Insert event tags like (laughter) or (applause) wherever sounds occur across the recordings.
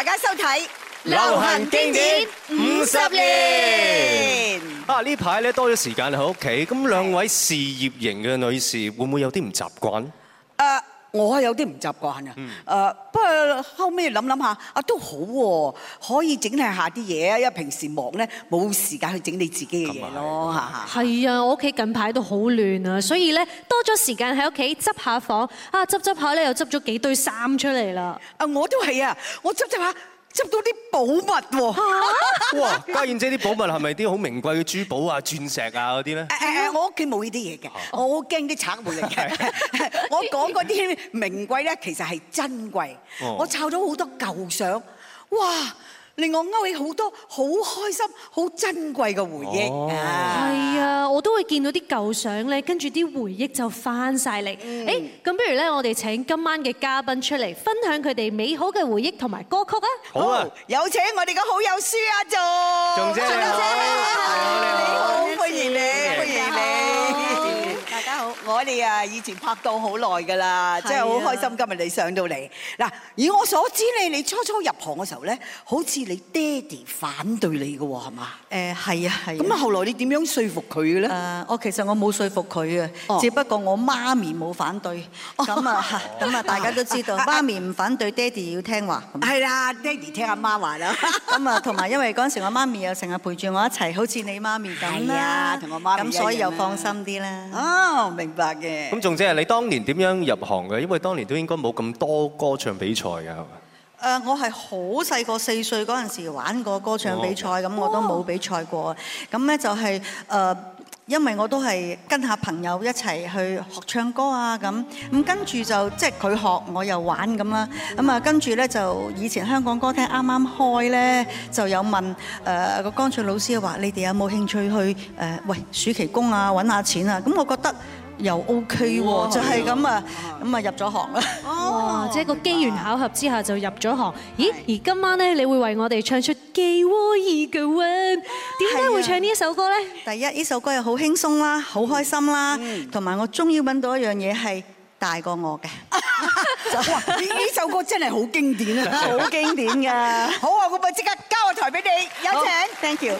大家收睇流行經典五十年啊！呢排咧多咗時間喺屋企，咁兩位事業型嘅女士，會唔會有啲唔習慣？我有啲唔習慣啊、嗯呃，不過後尾諗諗下，都好喎，可以整理下啲嘢，因為平時忙呢，冇時間去整理自己嘅嘢咯，係、就是、啊，我屋企近排都好亂啊，所以呢多咗時間喺屋企執下房，啊執執下呢又執咗幾堆衫出嚟啦。我都係啊，我執執下。執到啲寶物喎！哇，家燕姐啲寶物係咪啲好名貴嘅珠寶啊、鑽石啊嗰啲咧？誒，我屋企冇呢啲嘢嘅，我好驚啲盜賊嚟嘅。我講嗰啲名貴咧，其實係珍貴。我抄咗好多舊相，哇！令我勾起好多好開心、好珍貴嘅回憶啊！係啊，我都會見到啲舊相咧，跟住啲回憶就翻晒嚟。誒，咁不如咧，我哋請今晚嘅嘉賓出嚟，分享佢哋美好嘅回憶同埋歌曲啊！好啊好，有請我哋嘅好友舒雅頌，頌姐啊，你好，歡迎你，歡迎你。我哋啊，以前拍到好耐噶啦，啊、真係好開心。今日你上到嚟，嗱，以我所知咧，你初初入行嘅時候咧，好似你爹哋反對你嘅喎，係嘛？誒係啊係。咁啊，啊後來你點樣說服佢嘅咧？我、呃、其實我冇說服佢啊，哦、只不過我媽咪冇反對。咁、哦、啊，咁、哦、啊，大家都知道，啊、媽咪唔反對，爹哋要聽話。係啦、啊啊，爹哋聽阿媽,媽話啦。咁啊，同埋因為嗰陣時我媽咪又成日陪住我一齊，好似你媽咪咁啦，同、啊、我媽咪咁所以又放心啲啦。哦，明白。咁仲即係你當年點樣入行嘅？因為當年都應該冇咁多歌唱比賽㗎。誒，我係好細個四歲嗰陣時玩過歌唱比賽，咁、哦、我都冇比賽過。咁、哦、咧就係、是、誒、呃，因為我都係跟下朋友一齊去學唱歌啊咁。咁跟住就即係佢學，我又玩咁啦。咁啊，跟住咧就以前香港歌廳啱啱開咧，就有問誒、呃那個江翠老師話：你哋有冇興趣去誒、呃、喂暑期工啊揾下錢啊？咁我覺得。又 OK 喎，就係咁啊，咁啊入咗行啦。哦，即係個機緣巧合之下就入咗行。咦？而今晚咧，你會為我哋唱出《Give Me Your Word》？點解會唱呢一首歌咧？第一，呢首歌又好輕鬆啦，好開心啦，同埋我終於揾到一樣嘢係大過我嘅。哇！呢首歌真係好經典啊，好經典㗎。好啊，我咪即刻交個台俾你。有請，Okay，Thank you。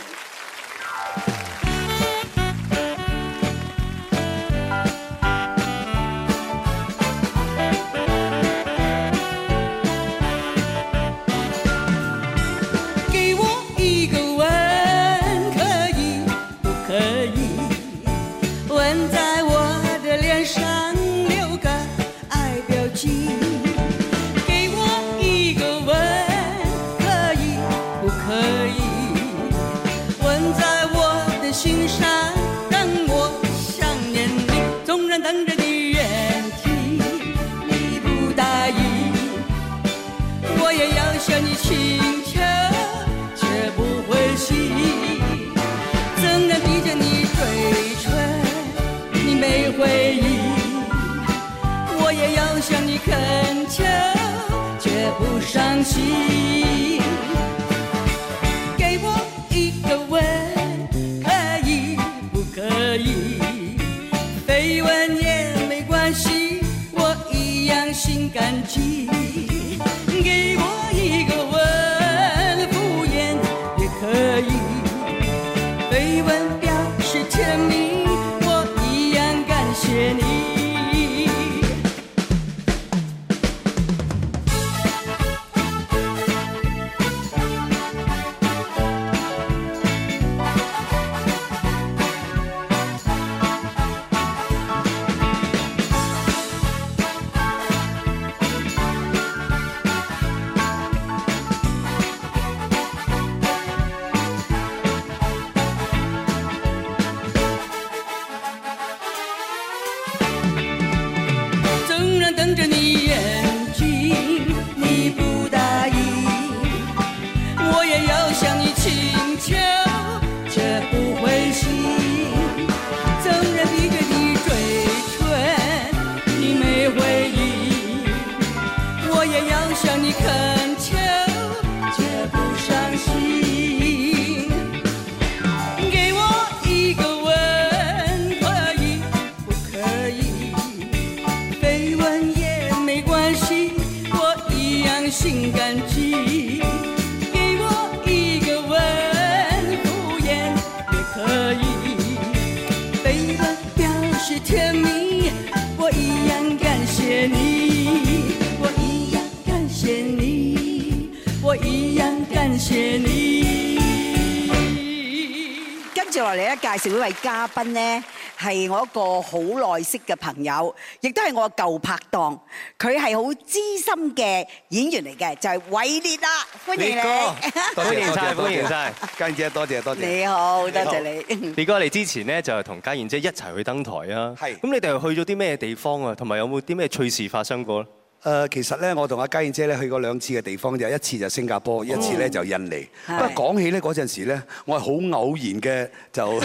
嘉賓咧係我一個好耐識嘅朋友，亦都係我舊拍檔。佢係好資深嘅演員嚟嘅，就係、是、煒烈啦！歡迎你，多謝，歡迎晒！歡迎曬，家燕姐，多謝，多謝。你好，多謝你，你，好你，好你，好你，好你。李哥你之前咧就係同家燕姐一齊去登台啊。係。咁你哋係去咗啲咩地方啊？同埋有冇啲咩趣事發生過？誒其實咧，我同阿家燕姐咧去過兩次嘅地方，就一次就新加坡，一次咧就印尼。不過講起咧嗰陣時咧，我係好偶然嘅，就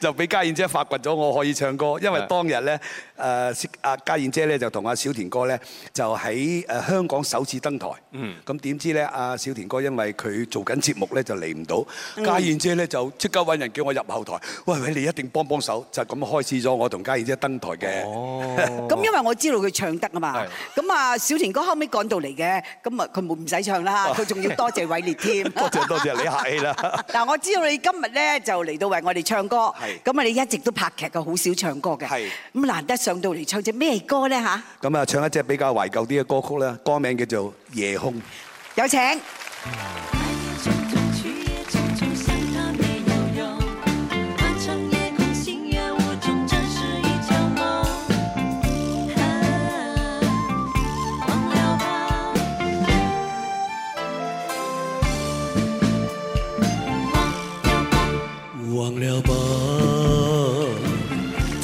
就俾家燕姐發掘咗我可以唱歌。因為當日咧，誒阿家燕姐咧就同阿小田哥咧就喺誒香港首次登台。嗯。咁點知咧，阿小田哥因為佢做緊節目咧就嚟唔到，家燕姐咧就即刻揾人叫我入後台。喂喂，你一定幫幫手，就咁開始咗我同家燕姐登台嘅。哦。咁因為我知道佢唱得啊嘛。係。咁啊，小田哥後尾趕到嚟嘅，咁啊佢冇唔使唱啦，佢仲要多謝煒烈添。多謝多謝，你客氣啦。嗱，我知道你今日咧就嚟到為我哋唱歌，咁啊你一直都拍劇嘅，好少唱歌嘅，咁難得上到嚟唱隻咩歌咧嚇？咁啊，唱一隻比較懷舊啲嘅歌曲啦，歌名叫做《夜空》，有請。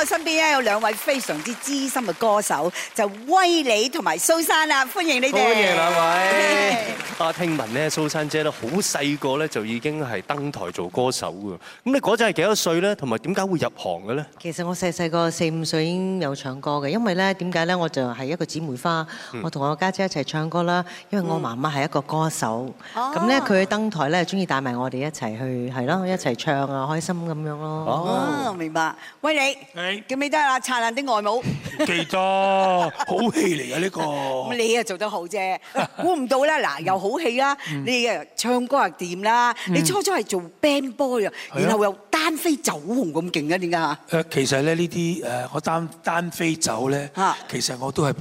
我身邊咧有兩位非常之資深嘅歌手，就威利同埋蘇姍啦。歡迎你哋。好嘅，兩位。啊，聽聞咧蘇姍姐咧好細個咧就已經係登台做歌手㗎。咁你嗰陣係幾多歲咧？同埋點解會入行嘅咧？其實我細細個四五歲已經有唱歌嘅，因為咧點解咧我就係一個姊妹花，我同我家姐，姐一齊唱歌啦。因為我媽媽係一個歌手，咁咧佢登台咧鍾意帶埋我哋一齊去，係咯一齊唱啊，開心咁樣咯。哦，明白。威利。記唔記得啊，燦爛的外母記。記 (laughs) 得來，好戲嚟嘅呢個。你啊做得好啫，估唔到啦，嗱， (laughs) 又好戲戲啦， (laughs) 你啊唱歌又掂啦， (laughs) 你初初係做 band boy 啊，然後又單飛走紅咁勁啊，點解？誒，其實咧呢啲誒，我單，單飛走咧，其實我都係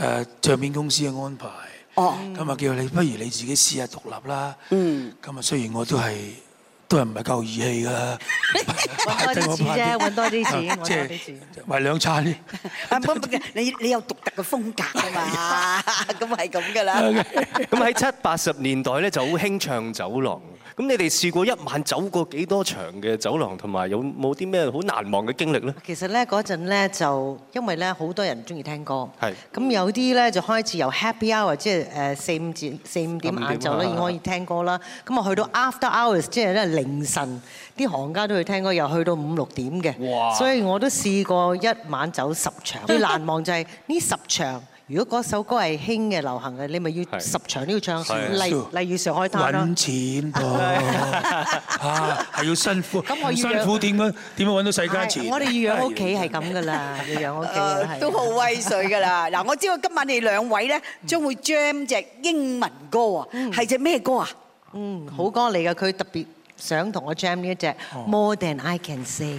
誒唱片公司嘅安排。哦。咁啊叫你，不如你自己試下獨立啦。嗯。咁啊，雖然我都係。都係唔係夠義氣㗎？搵多啲錢啫，搵多啲錢。即係買兩餐先。唔唔唔，你你有獨特嘅風格㗎嘛？咁係咁㗎啦。咁喺七八十年代咧，就好興唱走廊。咁你哋試過一晚走過幾多場嘅走廊，同埋有冇啲咩好難忘嘅經歷呢？其實呢嗰陣呢就因為呢好多人鍾意聽歌，咁有啲呢就開始由 happy hour，即係誒四五字四五點晏晝呢已經可以聽歌啦。咁啊去到 after hours，即係呢凌晨，啲行家都去聽歌，又去到五六點嘅，所以我都試過一晚走十場。最難忘就係呢十場。如果嗰首歌係興嘅、流行嘅，你咪要十場都要唱。例例如《上海灘》咯。揾錢喎，啊係要辛苦。咁我要辛苦點樣點樣揾到世間錢？我哋要養屋企係咁噶啦，要養屋企係。都好威水噶啦。嗱，我知道今晚你哋兩位咧，將會 jam 隻英文歌啊，係隻咩歌啊？嗯，好歌嚟噶，佢特別想同我 jam 呢一隻 More Than I Can Say。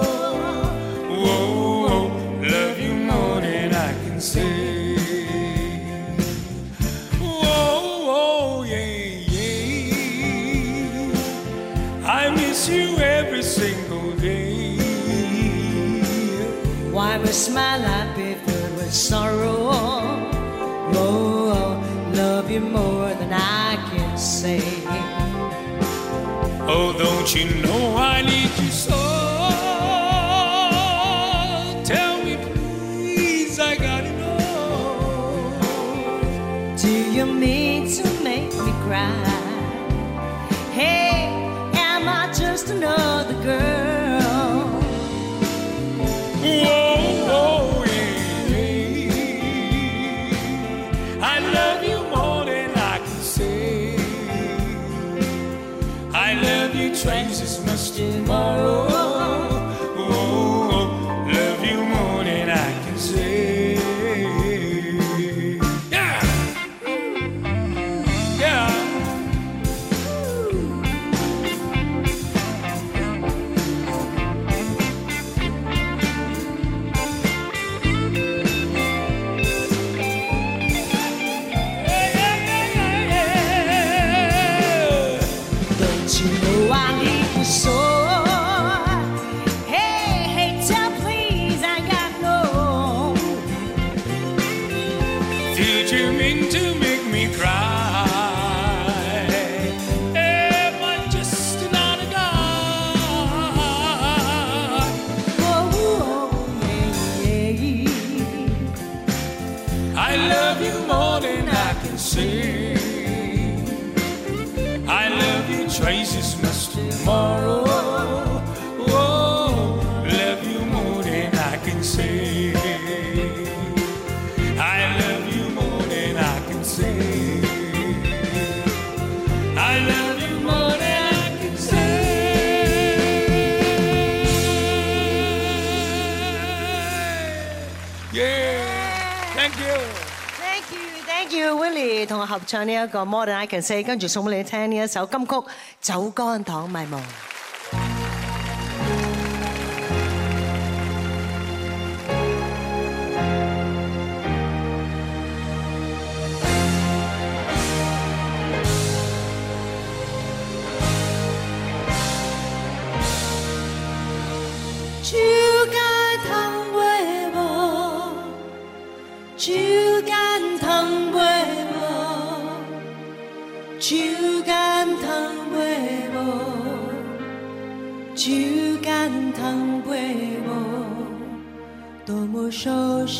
呢一個 More Than I Can Say，跟住送俾你聽呢一首金曲《酒乾倘賣無》。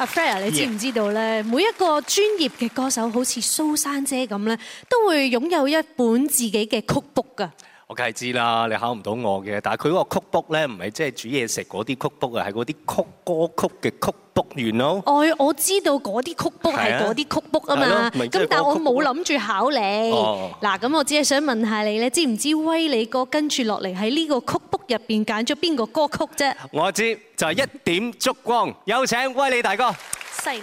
阿 Freya，你知唔知道咧？每一個專業嘅歌手，好似蘇姍姐咁咧，都會擁有一本自己嘅曲譜噶。我梗係知啦，你考唔到我嘅。但係佢嗰個曲 book 咧，唔係即係煮嘢食嗰啲曲 book 啊，係嗰啲曲歌曲嘅曲 book 完咯。我、哎、我知道嗰啲曲 book 係嗰啲曲 book 啊嘛。咁但係我冇諗住考你。嗱，咁、哦、我只係想問下你咧，知唔知威利哥跟住落嚟喺呢個曲 book 入邊揀咗邊個歌曲啫？我知就係、是、一點燭光，有請威利大哥。犀利！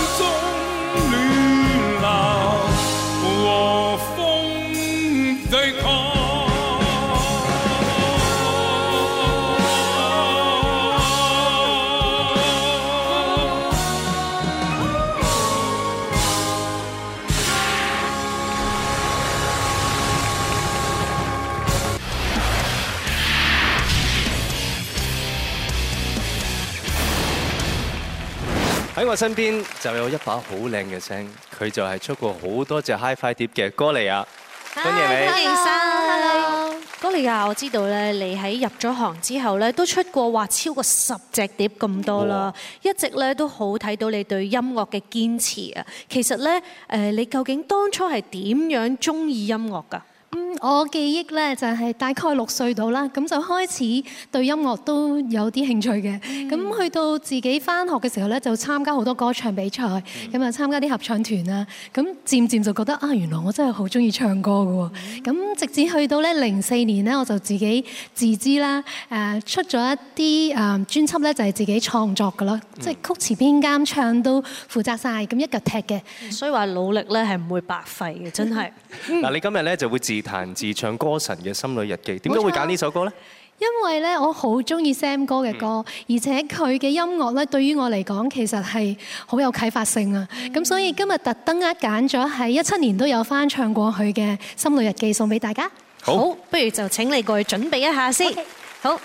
喺我身邊就有一把好靚嘅聲，佢就係出過好多隻 HiFi 碟嘅歌莉雅。歡迎你，歡迎 Hello 歌莉雅，我知道咧，你喺入咗行之後咧，都出過話超過十隻碟咁多啦。一直咧都好睇到你對音樂嘅堅持啊。其實咧，誒，你究竟當初係點樣中意音樂㗎？嗯，我記憶呢，就係大概六歲到啦，咁就開始對音樂都有啲興趣嘅。咁去到自己返學嘅時候呢，就參加好多歌唱比賽，咁啊參加啲合唱團啦。咁漸漸就覺得啊，原來我真係好中意唱歌嘅。咁直至去到呢，零四年呢，我就自己自資啦，誒出咗一啲誒專輯呢，就係自己創作㗎囉，即係曲詞編監唱都負責晒，咁一腳踢嘅。所以話努力呢，係唔會白費嘅，真係。嗱你今日呢就會自彈自唱歌神嘅《心裏日記》，點解會揀呢首歌呢？因為呢，我好中意 Sam 哥嘅歌，而且佢嘅音樂呢，對於我嚟講其實係好有啟發性啊！咁所以今日特登啊揀咗喺一七年都有翻唱過佢嘅《心裏日記》，送俾大家。好。好，不如就請你過去準備一下先。好，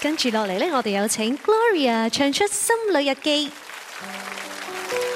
跟住落嚟呢，我哋有請 Gloria 唱出《心裏日記》嗯。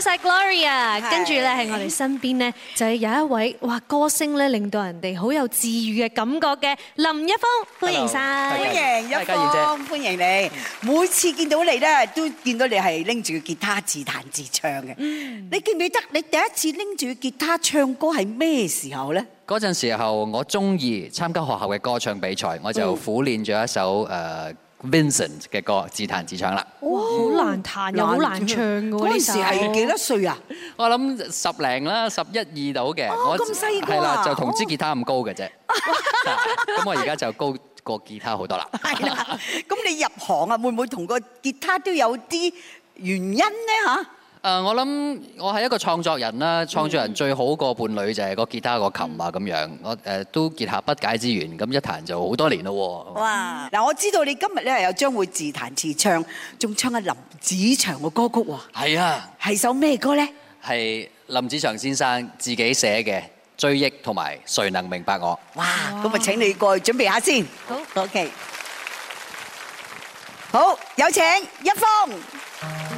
多謝 Gloria，跟住咧喺我哋身邊咧就係有一位哇，歌聲，咧令到人哋好有治愈嘅感覺嘅林一峰，歡迎晒，歡迎一峰，歡迎你。每次見到你咧，都見到你係拎住個吉他自彈自唱嘅。你記唔記得你第一次拎住個吉他唱歌係咩時候咧？嗰陣時候我中意參加學校嘅歌唱比賽，我就苦練咗一首誒。Vincent 嘅歌自彈自唱啦，哇！好難彈又好難唱嘅喎，嗰陣時係幾多歲啊？ (laughs) 我諗十零啦，十一二度嘅、哦，我咁細㗎嘛，係啦、啊，就同支吉他咁高嘅啫。咁 (laughs) (laughs) 我而家就高過吉他好多啦。係 (laughs) 啦，咁你入行啊，會唔會同個吉他都有啲原因咧嚇？啊！我諗我係一個創作人啦，創作人最好個伴侶就係個吉他、個琴啊咁樣。我誒都結合不解之緣，咁一彈就好多年咯。哇！嗱，我知道你今日咧又將會自彈自唱，仲唱阿林子祥嘅歌曲。係啊，係首咩歌呢？係林子祥先生自己寫嘅《追憶》同埋《誰能明白我》。哇！咁咪請你過去準備下先。好 OK。好，有請一峰。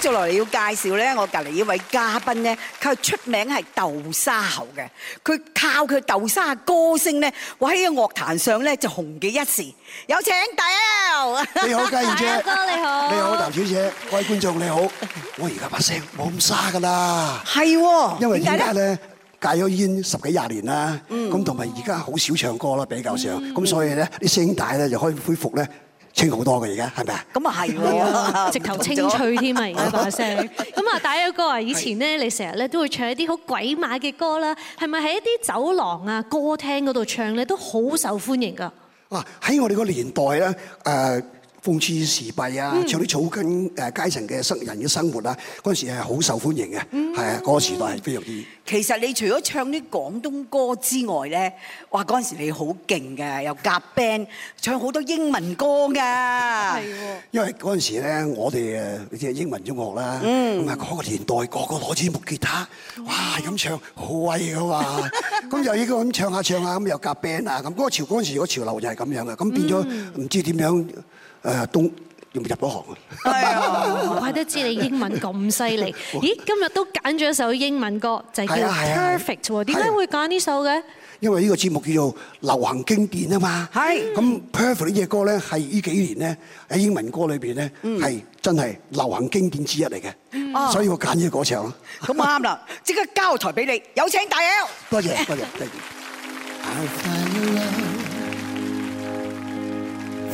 接落嚟要介紹咧，我隔離呢位嘉賓咧，佢出名係豆沙喉嘅，佢靠佢豆沙嘅歌聲咧，喺個樂壇上咧就紅極一時。有請大 L。你好，家燕姐。你好，你好，你好，大 L 小姐，各位觀眾你好。我而家把聲冇咁沙㗎啦。係。因為而家咧戒咗煙十幾廿年啦，咁同埋而家好少唱歌啦，比較上，咁所以咧啲聲帶咧就可以恢復咧。現在清好多嘅而家，係咪啊？咁啊，係直頭清脆添啊！而家把聲，咁啊，大 AL 哥啊，以前咧，你成日咧都會唱一啲好鬼馬嘅歌啦，係咪喺一啲酒廊啊、歌廳嗰度唱咧都好受歡迎噶？哇！喺我哋個年代咧，誒、呃。諷刺時弊啊，唱啲草根誒階層嘅生人嘅生活啊，嗰、嗯、陣時係好受歡迎嘅，係、嗯、啊，嗰、嗰個時代係非常之。其實你除咗唱啲廣東歌之外咧，哇！嗰陣時你好勁嘅，又夾 band 唱好多英文歌㗎。係喎。因為嗰陣時咧，我哋誒即係英文中學啦，咁啊嗰個年代個個攞支木吉他，嗯、哇咁唱好威嘅嘛。咁 (laughs) 又依、個咁唱下唱下咁又夾 band 啊咁。嗰個潮嗰陣時個潮流就係咁樣嘅，咁變咗唔知點樣。誒都要不要入咗行喎， (laughs) 我都知你英文咁犀利。咦，今日都揀咗一首英文歌，就係、是、叫 Perfect 喎。點解會揀呢首嘅？因為呢個節目叫做流行經典啊嘛。係、嗯。咁 Perfect 呢隻歌咧，係呢幾年咧喺英文歌裏邊咧係真係流行經典之一嚟嘅。所以我揀咗嗰場囉。咁啱啦，即刻交台俾你，有請大 AL。多謝，多謝，謝，多 (laughs) 謝，謝。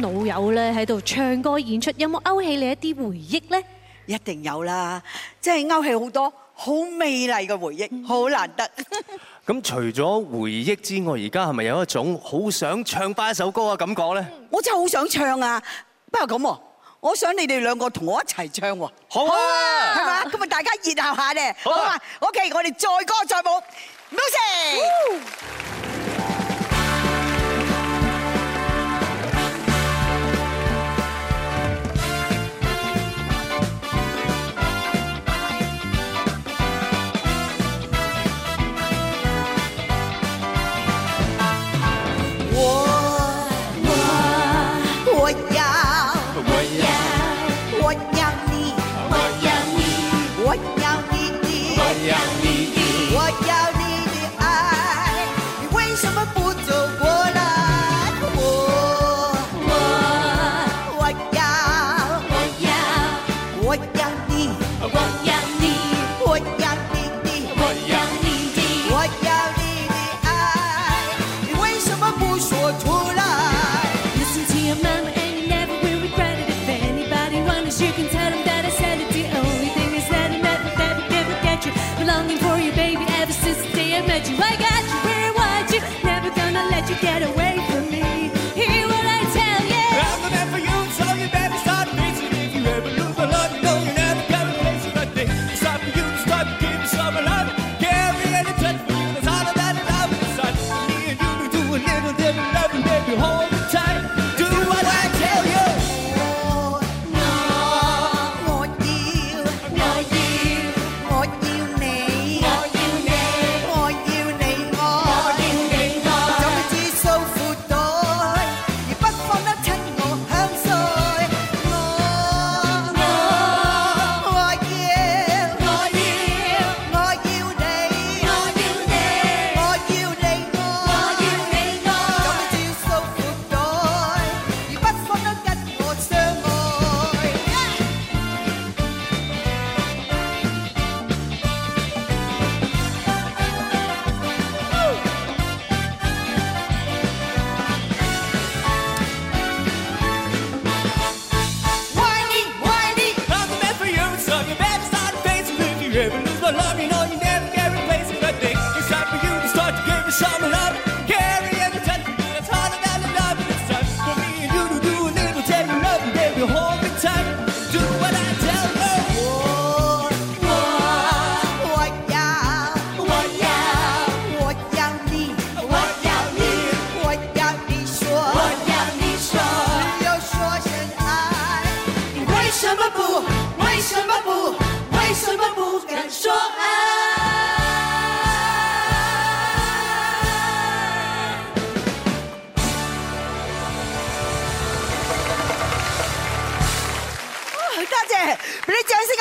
老友咧喺度唱歌演出，有冇勾起你一啲回憶咧？一定有啦，即係勾起好多好美麗嘅回憶，好難得 (laughs) 。咁除咗回憶之外，而家係咪有一種好想唱翻一首歌嘅感覺咧？我真係好想唱啊！不過咁喎，我想你哋兩個同我一齊唱喎。好啊，係嘛？咁 (laughs) 咪大家熱鬧下咧。好嘛，啊，OK，我哋再歌再舞，多謝。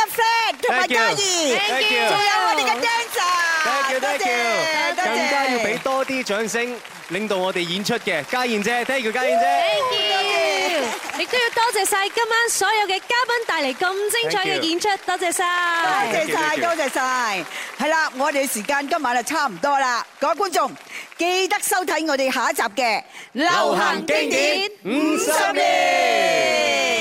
阿飛同埋嘉怡，仲有我哋嘅張澤，更加要俾多啲掌聲，領導我哋演出嘅家燕姐，thank you 家燕姐，亦都要多謝晒今晚所有嘅嘉賓帶嚟咁精彩嘅演出，多謝晒，多謝晒，多謝晒，係啦，我哋嘅時間今晚就差唔多啦，各位觀眾記得收睇我哋下一集嘅流行經典五十年。